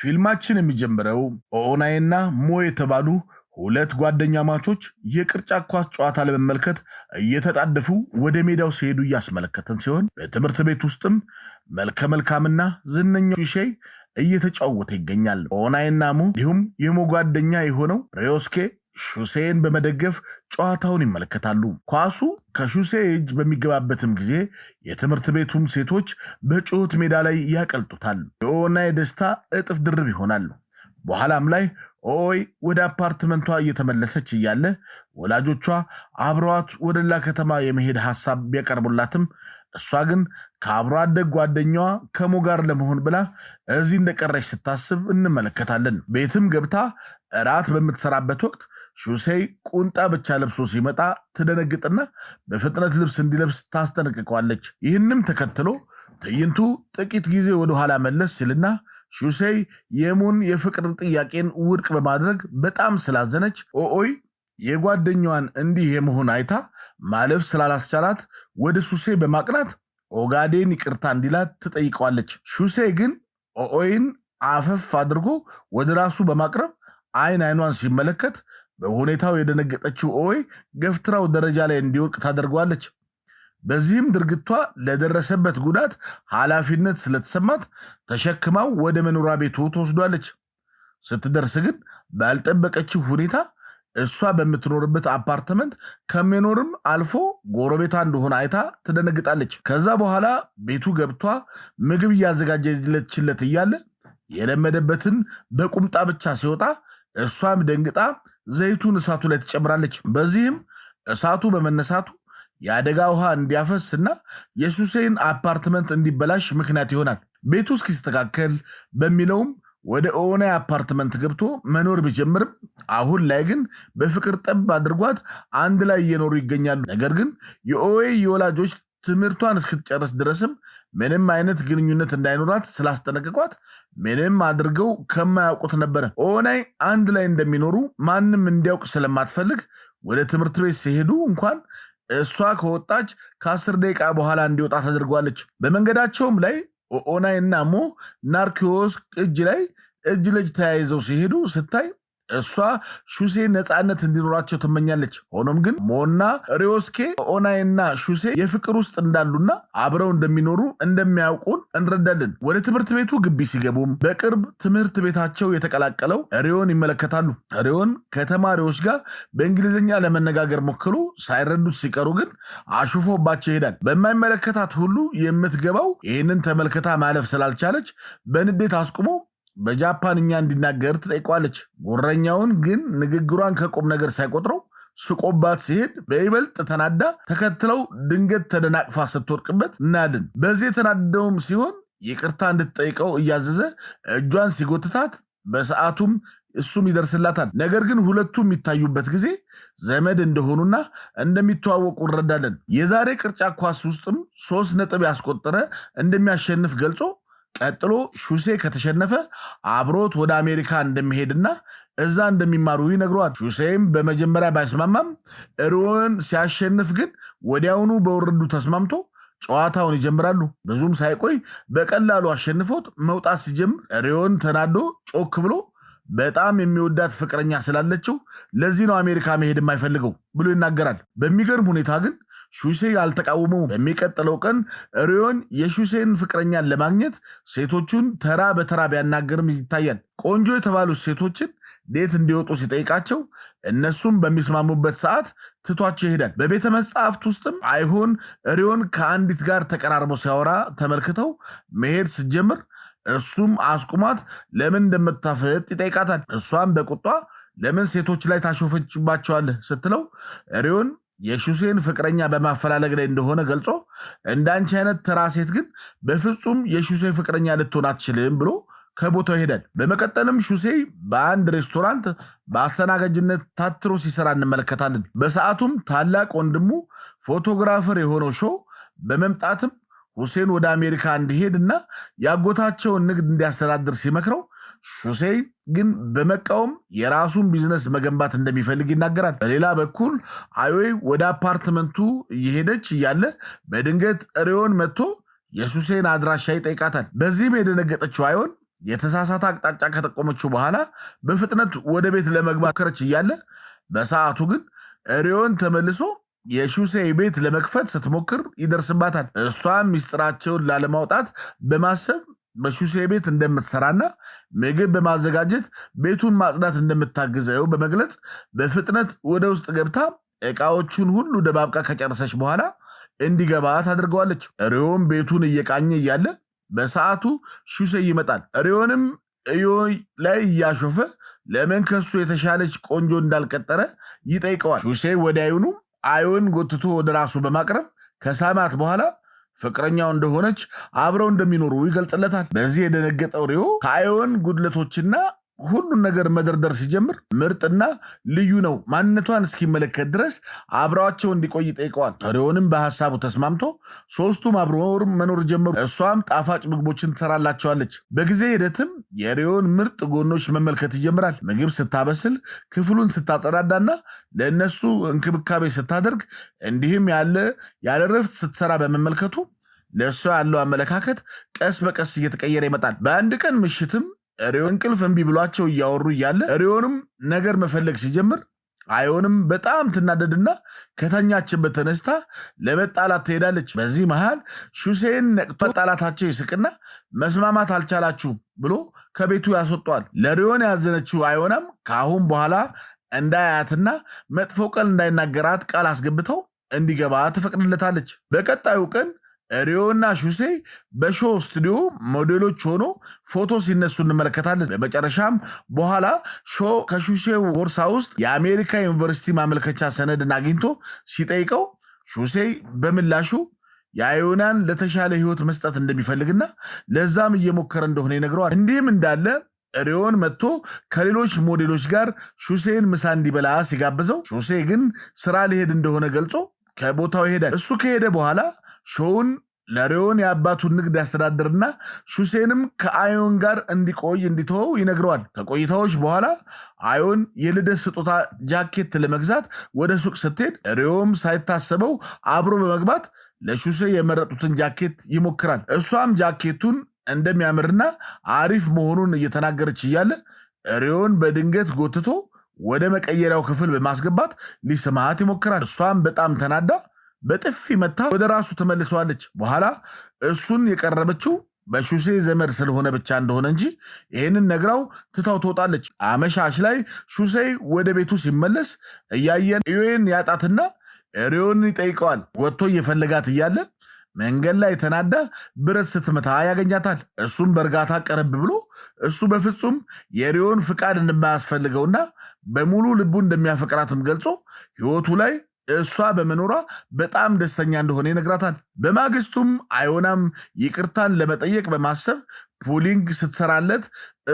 ፊልማችን የሚጀምረው ኦናይና ሞ የተባሉ ሁለት ጓደኛ ማቾች የቅርጫ ኳስ ጨዋታ ለመመልከት እየተጣደፉ ወደ ሜዳው ሲሄዱ እያስመለከተን ሲሆን በትምህርት ቤት ውስጥም መልከ መልካምና ዝነኛው ሼ እየተጫወተ ይገኛል። ኦናይና ሞ እንዲሁም የሞ ጓደኛ የሆነው ሬዮስኬ ሹሴን በመደገፍ ጨዋታውን ይመለከታሉ። ኳሱ ከሹሴ እጅ በሚገባበትም ጊዜ የትምህርት ቤቱም ሴቶች በጩኸት ሜዳ ላይ ያቀልጡታል። የኦና የደስታ እጥፍ ድርብ ይሆናል። በኋላም ላይ ኦይ ወደ አፓርትመንቷ እየተመለሰች እያለ ወላጆቿ አብረዋት ወደ ሌላ ከተማ የመሄድ ሐሳብ ቢያቀርቡላትም እሷ ግን ከአብሮ አደግ ጓደኛዋ ከሞ ጋር ለመሆን ብላ እዚህ እንደቀረች ስታስብ እንመለከታለን። ቤትም ገብታ እራት በምትሰራበት ወቅት ሹሴይ ቁንጣ ብቻ ለብሶ ሲመጣ ትደነግጥና በፍጥነት ልብስ እንዲለብስ ታስጠነቅቀዋለች። ይህንም ተከትሎ ትዕይንቱ ጥቂት ጊዜ ወደኋላ መለስ ሲልና ሹሴይ የሙን የፍቅር ጥያቄን ውድቅ በማድረግ በጣም ስላዘነች ኦኦይ የጓደኛዋን እንዲህ የመሆን አይታ ማለፍ ስላላስቻላት ወደ ሱሴ በማቅናት ኦጋዴን ይቅርታ እንዲላት ትጠይቀዋለች። ሹሴ ግን ኦኦይን አፈፍ አድርጎ ወደ ራሱ በማቅረብ አይን አይኗን ሲመለከት በሁኔታው የደነገጠችው ኦዌ ገፍትራው ደረጃ ላይ እንዲወቅ ታደርጓለች። በዚህም ድርጊቷ ለደረሰበት ጉዳት ኃላፊነት ስለተሰማት ተሸክማው ወደ መኖሪያ ቤቱ ትወስዷለች። ስትደርስ ግን ባልጠበቀችው ሁኔታ እሷ በምትኖርበት አፓርትመንት ከሚኖርም አልፎ ጎረቤቷ እንደሆነ አይታ ትደነግጣለች። ከዛ በኋላ ቤቱ ገብቷ ምግብ እያዘጋጀችለት እያለ የለመደበትን በቁምጣ ብቻ ሲወጣ እሷም ደንግጣ ዘይቱን እሳቱ ላይ ትጨምራለች። በዚህም እሳቱ በመነሳቱ የአደጋ ውሃ እንዲያፈስና የሱሴን አፓርትመንት እንዲበላሽ ምክንያት ይሆናል። ቤቱ እስኪስተካከል በሚለውም ወደ ኦናይ አፓርትመንት ገብቶ መኖር ቢጀምርም አሁን ላይ ግን በፍቅር ጠብ አድርጓት አንድ ላይ እየኖሩ ይገኛሉ። ነገር ግን የኦዌ የወላጆች ትምህርቷን እስክትጨርስ ድረስም ምንም አይነት ግንኙነት እንዳይኖራት ስላስጠነቅቋት ምንም አድርገው ከማያውቁት ነበረ። ኦናይ አንድ ላይ እንደሚኖሩ ማንም እንዲያውቅ ስለማትፈልግ ወደ ትምህርት ቤት ሲሄዱ እንኳን እሷ ከወጣች ከአስር ደቂቃ በኋላ እንዲወጣ ተደርጓለች። በመንገዳቸውም ላይ ኦናይ እና ሞ ናርኪዎስ እጅ ላይ እጅ ለእጅ ተያይዘው ሲሄዱ ስታይ እሷ ሹሴ ነፃነት እንዲኖራቸው ትመኛለች። ሆኖም ግን ሞና ሪዮስኬ ኦናይና ሹሴ የፍቅር ውስጥ እንዳሉና አብረው እንደሚኖሩ እንደሚያውቁን እንረዳለን። ወደ ትምህርት ቤቱ ግቢ ሲገቡም በቅርብ ትምህርት ቤታቸው የተቀላቀለው ሪዮን ይመለከታሉ። ሪዮን ከተማሪዎች ጋር በእንግሊዝኛ ለመነጋገር ሞክሎ ሳይረዱት ሲቀሩ ግን አሹፎባቸው ይሄዳል። በማይመለከታት ሁሉ የምትገባው ይህንን ተመልክታ ማለፍ ስላልቻለች በንዴት አስቁሞ በጃፓንኛ እንዲናገር ትጠይቋለች። ጉረኛውን ግን ንግግሯን ከቁም ነገር ሳይቆጥረው ስቆባት ሲሄድ በይበልጥ ተናዳ ተከትለው ድንገት ተደናቅፋ ስትወድቅበት እናያለን። በዚህ የተናደደውም ሲሆን ይቅርታ እንድትጠይቀው እያዘዘ እጇን ሲጎትታት በሰዓቱም እሱም ይደርስላታል። ነገር ግን ሁለቱ የሚታዩበት ጊዜ ዘመድ እንደሆኑና እንደሚተዋወቁ እንረዳለን። የዛሬ ቅርጫ ኳስ ውስጥም ሶስት ነጥብ ያስቆጠረ እንደሚያሸንፍ ገልጾ ቀጥሎ ሹሴ ከተሸነፈ አብሮት ወደ አሜሪካ እንደሚሄድና እዛ እንደሚማሩ ይነግሯል። ሹሴም በመጀመሪያ ባይስማማም ሩዌን ሲያሸንፍ ግን ወዲያውኑ በውርዱ ተስማምቶ ጨዋታውን ይጀምራሉ። ብዙም ሳይቆይ በቀላሉ አሸንፎት መውጣት ሲጀምር ሪዮን ተናዶ ጮክ ብሎ በጣም የሚወዳት ፍቅረኛ ስላለችው ለዚህ ነው አሜሪካ መሄድ የማይፈልገው ብሎ ይናገራል። በሚገርም ሁኔታ ግን ሹሴ ያልተቃወመው። በሚቀጥለው ቀን ሪዮን የሹሴን ፍቅረኛን ለማግኘት ሴቶቹን ተራ በተራ ቢያናገርም ይታያል። ቆንጆ የተባሉት ሴቶችን ዴት እንዲወጡ ሲጠይቃቸው እነሱም በሚስማሙበት ሰዓት ትቷቸው ይሄዳል። በቤተ መጽሐፍት ውስጥም አይሆን ሪዮን ከአንዲት ጋር ተቀራርቦ ሲያወራ ተመልክተው መሄድ ስትጀምር እሱም አስቁሟት ለምን እንደምታፈጥ ይጠይቃታል። እሷም በቁጧ ለምን ሴቶች ላይ ታሾፈችባቸዋለህ ስትለው ሪዮን የሹሴን ፍቅረኛ በማፈላለግ ላይ እንደሆነ ገልጾ እንዳንቺ አይነት ተራ ሴት ግን በፍጹም የሹሴ ፍቅረኛ ልትሆን አትችልም ብሎ ከቦታው ይሄዳል። በመቀጠልም ሹሴ በአንድ ሬስቶራንት በአስተናጋጅነት ታትሮ ሲሰራ እንመለከታለን። በሰዓቱም ታላቅ ወንድሙ ፎቶግራፈር የሆነው ሾ በመምጣትም ሁሴን ወደ አሜሪካ እንዲሄድ እና ያጎታቸውን ንግድ እንዲያስተዳድር ሲመክረው ሹሴ ግን በመቃወም የራሱን ቢዝነስ መገንባት እንደሚፈልግ ይናገራል። በሌላ በኩል አዮይ ወደ አፓርትመንቱ እየሄደች እያለ በድንገት ሪዮን መጥቶ የሱሴን አድራሻ ይጠይቃታል። በዚህም የደነገጠችው አዮን የተሳሳተ አቅጣጫ ከጠቆመችው በኋላ በፍጥነት ወደ ቤት ለመግባት ከረች እያለ በሰዓቱ ግን ሪዮን ተመልሶ የሹሴ ቤት ለመክፈት ስትሞክር ይደርስባታል። እሷም ሚስጥራቸውን ላለማውጣት በማሰብ በሱሴ ቤት እንደምትሰራና ምግብ በማዘጋጀት ቤቱን ማጽዳት እንደምታግዘው በመግለጽ በፍጥነት ወደ ውስጥ ገብታ እቃዎቹን ሁሉ ደባብቃ ከጨረሰች በኋላ እንዲገባ ታደርገዋለች። ሪዮን ቤቱን እየቃኘ እያለ በሰዓቱ ሹሴ ይመጣል። ሪዮንም እዮ ላይ እያሾፈ ለምን ከሱ የተሻለች ቆንጆ እንዳልቀጠረ ይጠይቀዋል። ሹሴ ወዲያውኑ አዮን ጎትቶ ወደ ራሱ በማቅረብ ከሳማት በኋላ ፍቅረኛው እንደሆነች አብረው እንደሚኖሩ ይገልጽለታል። በዚህ የደነገጠው ሪዮ ከአዮን ጉድለቶችና ሁሉን ነገር መደርደር ሲጀምር ምርጥና ልዩ ነው ማንነቷን እስኪመለከት ድረስ አብረዋቸው እንዲቆይ ጠይቀዋል። ሪዮንም በሀሳቡ ተስማምቶ ሶስቱም አብሮ መኖር ጀመሩ። እሷም ጣፋጭ ምግቦችን ትሰራላቸዋለች። በጊዜ ሂደትም የሪዮን ምርጥ ጎኖች መመልከት ይጀምራል። ምግብ ስታበስል፣ ክፍሉን ስታጸዳዳና ለእነሱ እንክብካቤ ስታደርግ እንዲህም ያለ ያለ ረፍት ስትሰራ በመመልከቱ ለእሷ ያለው አመለካከት ቀስ በቀስ እየተቀየረ ይመጣል። በአንድ ቀን ምሽትም ሪዮ እንቅልፍ እምቢ ብሏቸው እያወሩ እያለ ሪዮንም ነገር መፈለግ ሲጀምር አዮንም በጣም ትናደድና ከተኛችበት ተነስታ ለመጣላት ትሄዳለች። በዚህ መሃል ሹሴን ነቅቶ መጣላታቸው ይስቅና መስማማት አልቻላችሁም ብሎ ከቤቱ ያስወጧል። ለሪዮን ያዘነችው አዮናም ከአሁን በኋላ እንዳያትና መጥፎ ቀን እንዳይናገራት ቃል አስገብተው እንዲገባ ትፈቅድለታለች። በቀጣዩ ቀን ሪዮና ሹሴ በሾው ስቱዲዮ ሞዴሎች ሆኖ ፎቶ ሲነሱ እንመለከታለን። መጨረሻም በኋላ ሾ ከሹሴ ቦርሳ ውስጥ የአሜሪካ ዩኒቨርሲቲ ማመልከቻ ሰነድን አግኝቶ ሲጠይቀው ሹሴ በምላሹ የአዮናን ለተሻለ ህይወት መስጠት እንደሚፈልግና ለዛም እየሞከረ እንደሆነ ይነግረዋል። እንዲህም እንዳለ ሪዮን መጥቶ ከሌሎች ሞዴሎች ጋር ሹሴን ምሳ እንዲበላ ሲጋብዘው ሹሴ ግን ስራ ሊሄድ እንደሆነ ገልጾ ከቦታው ይሄዳል። እሱ ከሄደ በኋላ ሾውን ለሬዮን የአባቱን ንግድ ያስተዳድርና ሹሴንም ከአዮን ጋር እንዲቆይ እንዲተወው ይነግረዋል። ከቆይታዎች በኋላ አዮን የልደት ስጦታ ጃኬት ለመግዛት ወደ ሱቅ ስትሄድ ሬዮም ሳይታሰበው አብሮ በመግባት ለሹሴ የመረጡትን ጃኬት ይሞክራል። እሷም ጃኬቱን እንደሚያምርና አሪፍ መሆኑን እየተናገረች እያለ ሬዮን በድንገት ጎትቶ ወደ መቀየሪያው ክፍል በማስገባት ሊስማት ይሞክራል። እሷም በጣም ተናዳ በጥፊ መታ ወደ ራሱ ተመልሰዋለች። በኋላ እሱን የቀረበችው በሹሴ ዘመድ ስለሆነ ብቻ እንደሆነ እንጂ ይህንን ነግራው ትታው ትወጣለች። አመሻሽ ላይ ሹሴ ወደ ቤቱ ሲመለስ እያየን ዮዌን ያጣትና ሪዮን ይጠይቀዋል። ወጥቶ እየፈለጋት እያለ መንገድ ላይ ተናዳ ብረት ስትመታ ያገኛታል። እሱም በእርጋታ ቀረብ ብሎ እሱ በፍጹም የሪዮን ፍቃድ እንደማያስፈልገውና በሙሉ ልቡ እንደሚያፈቅራትም ገልጾ ሕይወቱ ላይ እሷ በመኖሯ በጣም ደስተኛ እንደሆነ ይነግራታል። በማግስቱም አዮናም ይቅርታን ለመጠየቅ በማሰብ ፑሊንግ ስትሰራለት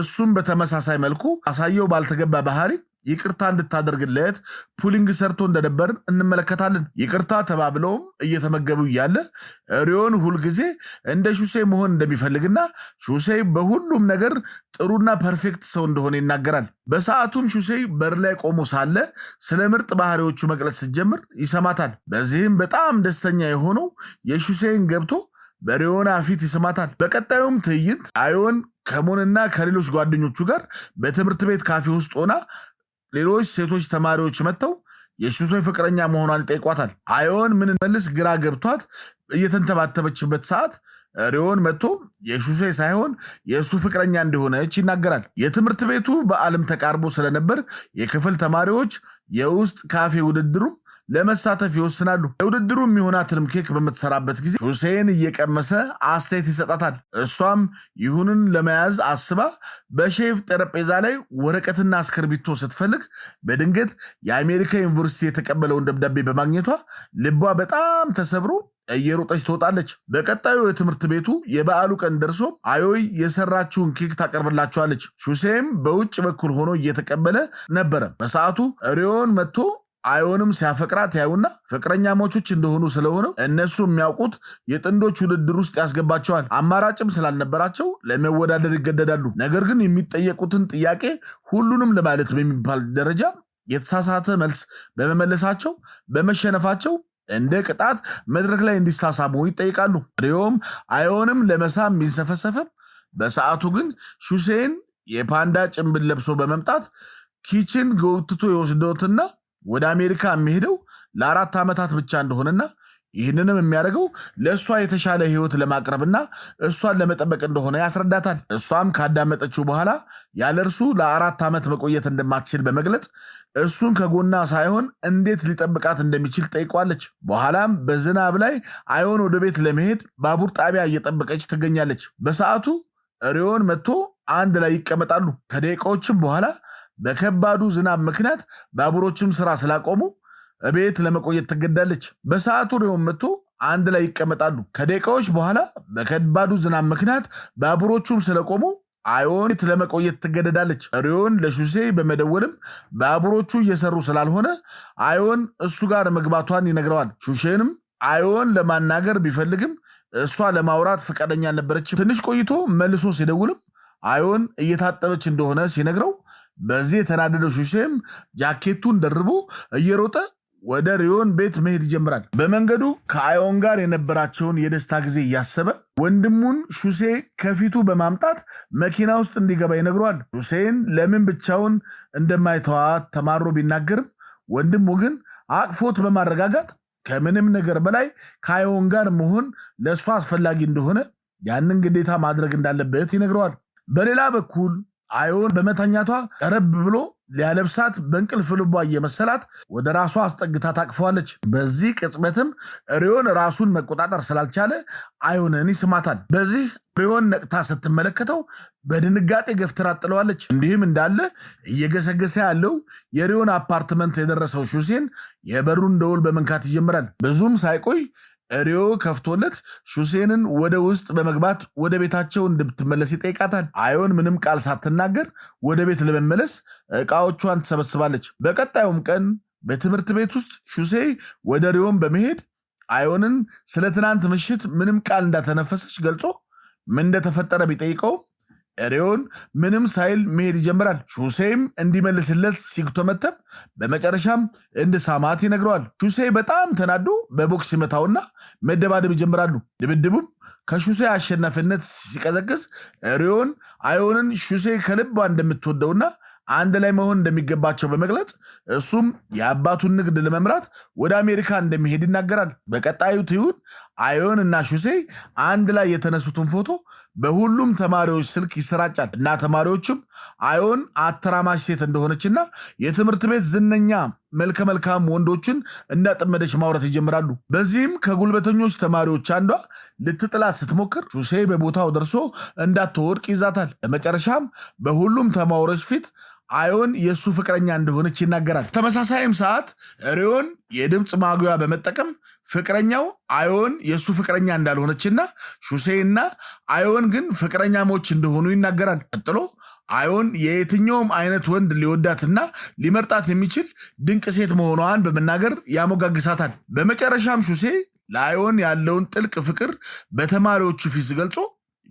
እሱም በተመሳሳይ መልኩ አሳየው ባልተገባ ባህሪ ይቅርታ እንድታደርግለት ፑሊንግ ሰርቶ እንደነበር እንመለከታለን። ይቅርታ ተባብለውም እየተመገቡ እያለ ሪዮን ሁልጊዜ እንደ ሹሴ መሆን እንደሚፈልግና ሹሴ በሁሉም ነገር ጥሩና ፐርፌክት ሰው እንደሆነ ይናገራል። በሰዓቱም ሹሴ በር ላይ ቆሞ ሳለ ስለ ምርጥ ባህሪዎቹ መግለጽ ስትጀምር ይሰማታል። በዚህም በጣም ደስተኛ የሆነው የሹሴን ገብቶ በሪዮና ፊት ይስማታል። በቀጣዩም ትዕይንት አዮን ከሞንና ከሌሎች ጓደኞቹ ጋር በትምህርት ቤት ካፌ ውስጥ ሆና ሌሎች ሴቶች ተማሪዎች መጥተው የሱሶይ ፍቅረኛ መሆኗን ይጠይቋታል። አዮን ምን መልስ ግራ ገብቷት እየተንተባተበችበት ሰዓት ሪዮን መጥቶ የሹሴ ሳይሆን የእሱ ፍቅረኛ እንደሆነች ይናገራል። የትምህርት ቤቱ በዓልም ተቃርቦ ስለነበር የክፍል ተማሪዎች የውስጥ ካፌ ውድድሩም ለመሳተፍ ይወስናሉ። ለውድድሩ የሚሆናትንም ኬክ በምትሰራበት ጊዜ ሁሴን እየቀመሰ አስተያየት ይሰጣታል። እሷም ይሁንን ለመያዝ አስባ በሼፍ ጠረጴዛ ላይ ወረቀትና እስክርቢቶ ስትፈልግ በድንገት የአሜሪካ ዩኒቨርሲቲ የተቀበለውን ደብዳቤ በማግኘቷ ልቧ በጣም ተሰብሮ እየሮጠች ትወጣለች። በቀጣዩ የትምህርት ቤቱ የበዓሉ ቀን ደርሶ አዮይ የሰራችውን ኬክ ታቀርብላቸዋለች። ሹሴም በውጭ በኩል ሆኖ እየተቀበለ ነበረ። በሰዓቱ ሪዮን መጥቶ አዮንም ሲያፈቅራት ያዩና ፍቅረኛ ሞቾች እንደሆኑ ስለሆነ እነሱ የሚያውቁት የጥንዶች ውድድር ውስጥ ያስገባቸዋል። አማራጭም ስላልነበራቸው ለመወዳደር ይገደዳሉ። ነገር ግን የሚጠየቁትን ጥያቄ ሁሉንም ለማለት በሚባል ደረጃ የተሳሳተ መልስ በመመለሳቸው በመሸነፋቸው እንደ ቅጣት መድረክ ላይ እንዲሳሳሙ ይጠይቃሉ። ሪዮም አዮንም ለመሳም ቢንሰፈሰፍም በሰዓቱ ግን ሹሴን የፓንዳ ጭንብል ለብሶ በመምጣት ኪችን ጎትቶ የወስዶትና ወደ አሜሪካ የሚሄደው ለአራት ዓመታት ብቻ እንደሆነና ይህንንም የሚያደርገው ለእሷ የተሻለ ህይወት ለማቅረብና እሷን ለመጠበቅ እንደሆነ ያስረዳታል። እሷም ካዳመጠችው በኋላ ያለ እርሱ ለአራት ዓመት መቆየት እንደማትችል በመግለጽ እሱን ከጎኗ ሳይሆን እንዴት ሊጠብቃት እንደሚችል ጠይቋለች። በኋላም በዝናብ ላይ አዮን ወደ ቤት ለመሄድ ባቡር ጣቢያ እየጠበቀች ትገኛለች። በሰዓቱ ሪዮን መጥቶ አንድ ላይ ይቀመጣሉ። ከደቂቃዎችም በኋላ በከባዱ ዝናብ ምክንያት ባቡሮችም ስራ ስላቆሙ እቤት ለመቆየት ትገዳለች። በሰዓቱ ነው መጥቶ አንድ ላይ ይቀመጣሉ። ከደቂቃዎች በኋላ በከባዱ ዝናብ ምክንያት ባቡሮቹም ስለቆሙ አዮን ለመቆየት ትገደዳለች። ሪዮን ለሹሴ በመደወልም ባቡሮቹ እየሰሩ ስላልሆነ አዮን እሱ ጋር መግባቷን ይነግረዋል። ሹሴንም አዮን ለማናገር ቢፈልግም እሷ ለማውራት ፈቃደኛ አልነበረችም። ትንሽ ቆይቶ መልሶ ሲደውልም አዮን እየታጠበች እንደሆነ ሲነግረው በዚህ የተናደደ ሹሼም ጃኬቱን ደርቦ እየሮጠ ወደ ሪዮን ቤት መሄድ ይጀምራል። በመንገዱ ከአዮን ጋር የነበራቸውን የደስታ ጊዜ እያሰበ ወንድሙን ሹሴ ከፊቱ በማምጣት መኪና ውስጥ እንዲገባ ይነግረዋል። ሹሴን ለምን ብቻውን እንደማይተዋት ተማሮ ቢናገርም ወንድሙ ግን አቅፎት በማረጋጋት ከምንም ነገር በላይ ከአዮን ጋር መሆን ለእሷ አስፈላጊ እንደሆነ ያንን ግዴታ ማድረግ እንዳለበት ይነግረዋል። በሌላ በኩል አዮን በመተኛቷ ቀረብ ብሎ ሊያለብሳት በእንቅልፍ ልቧ እየመሰላት ወደ ራሷ አስጠግታ ታቅፈዋለች። በዚህ ቅጽበትም ሪዮን ራሱን መቆጣጠር ስላልቻለ አዮንን ይስማታል። በዚህ ሪዮን ነቅታ ስትመለከተው በድንጋጤ ገፍትራ ጥለዋለች። እንዲህም እንዳለ እየገሰገሰ ያለው የሪዮን አፓርትመንት የደረሰው ሹሴን የበሩን ደውል በመንካት ይጀምራል። ብዙም ሳይቆይ ሪዮ ከፍቶለት ሹሴንን ወደ ውስጥ በመግባት ወደ ቤታቸው እንድትመለስ ይጠይቃታል። አዮን ምንም ቃል ሳትናገር ወደ ቤት ለመመለስ እቃዎቿን ትሰበስባለች። በቀጣዩም ቀን በትምህርት ቤት ውስጥ ሹሴ ወደ ሪዮን በመሄድ አዮንን ስለ ትናንት ምሽት ምንም ቃል እንዳተነፈሰች ገልጾ ምን እንደተፈጠረ ቢጠይቀውም ሬዮን ምንም ሳይል መሄድ ይጀምራል። ሹሴም እንዲመልስለት ሲግቶመተም በመጨረሻም እንደ ሳማት ይነግረዋል። ሹሴ በጣም ተናዶ በቦክስ ይመታውና መደባደብ ይጀምራሉ። ድብድቡም ከሹሴ አሸናፊነት ሲቀዘቅዝ ሬዮን አዮንን ሹሴ ከልቧ እንደምትወደውና አንድ ላይ መሆን እንደሚገባቸው በመግለጽ እሱም የአባቱን ንግድ ለመምራት ወደ አሜሪካ እንደሚሄድ ይናገራል። በቀጣዩ ትይዩን አዮን እና ሹሴ አንድ ላይ የተነሱትን ፎቶ በሁሉም ተማሪዎች ስልክ ይሰራጫል እና ተማሪዎችም አዮን አተራማሽ ሴት እንደሆነችና የትምህርት ቤት ዝነኛ መልከ መልካም ወንዶችን እንዳጠመደች ማውራት ይጀምራሉ። በዚህም ከጉልበተኞች ተማሪዎች አንዷ ልትጥላት ስትሞክር ሹሴ በቦታው ደርሶ እንዳትወድቅ ይዛታል። ለመጨረሻም በሁሉም ተማሪዎች ፊት አዮን የእሱ ፍቅረኛ እንደሆነች ይናገራል። ተመሳሳይም ሰዓት ሪዮን የድምፅ ማጉያ በመጠቀም ፍቅረኛው አዮን የእሱ ፍቅረኛ እንዳልሆነችና ሹሴና አዮን ግን ፍቅረኛሞች እንደሆኑ ይናገራል። ቀጥሎ አዮን የየትኛውም አይነት ወንድ ሊወዳትና ሊመርጣት የሚችል ድንቅ ሴት መሆኗን በመናገር ያሞጋግሳታል። በመጨረሻም ሹሴ ለአዮን ያለውን ጥልቅ ፍቅር በተማሪዎቹ ፊት ገልጾ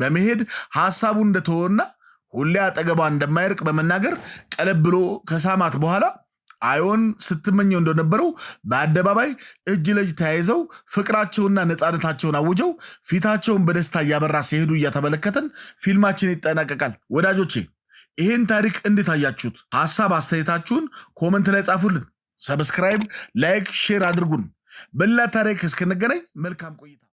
በመሄድ ሀሳቡ እንደተወና ሁሌ አጠገቧ እንደማይርቅ በመናገር ቀለብ ብሎ ከሳማት በኋላ አዮን ስትመኘው እንደነበረው በአደባባይ እጅ ለእጅ ተያይዘው ፍቅራቸውና ነፃነታቸውን አውጀው ፊታቸውን በደስታ እያበራ ሲሄዱ እያተመለከተን ፊልማችን ይጠናቀቃል። ወዳጆቼ ይህን ታሪክ እንዴት አያችሁት? ሀሳብ አስተያየታችሁን ኮመንት ላይ ጻፉልን። ሰብስክራይብ፣ ላይክ፣ ሼር አድርጉን። በሌላ ታሪክ እስክንገናኝ መልካም ቆይታ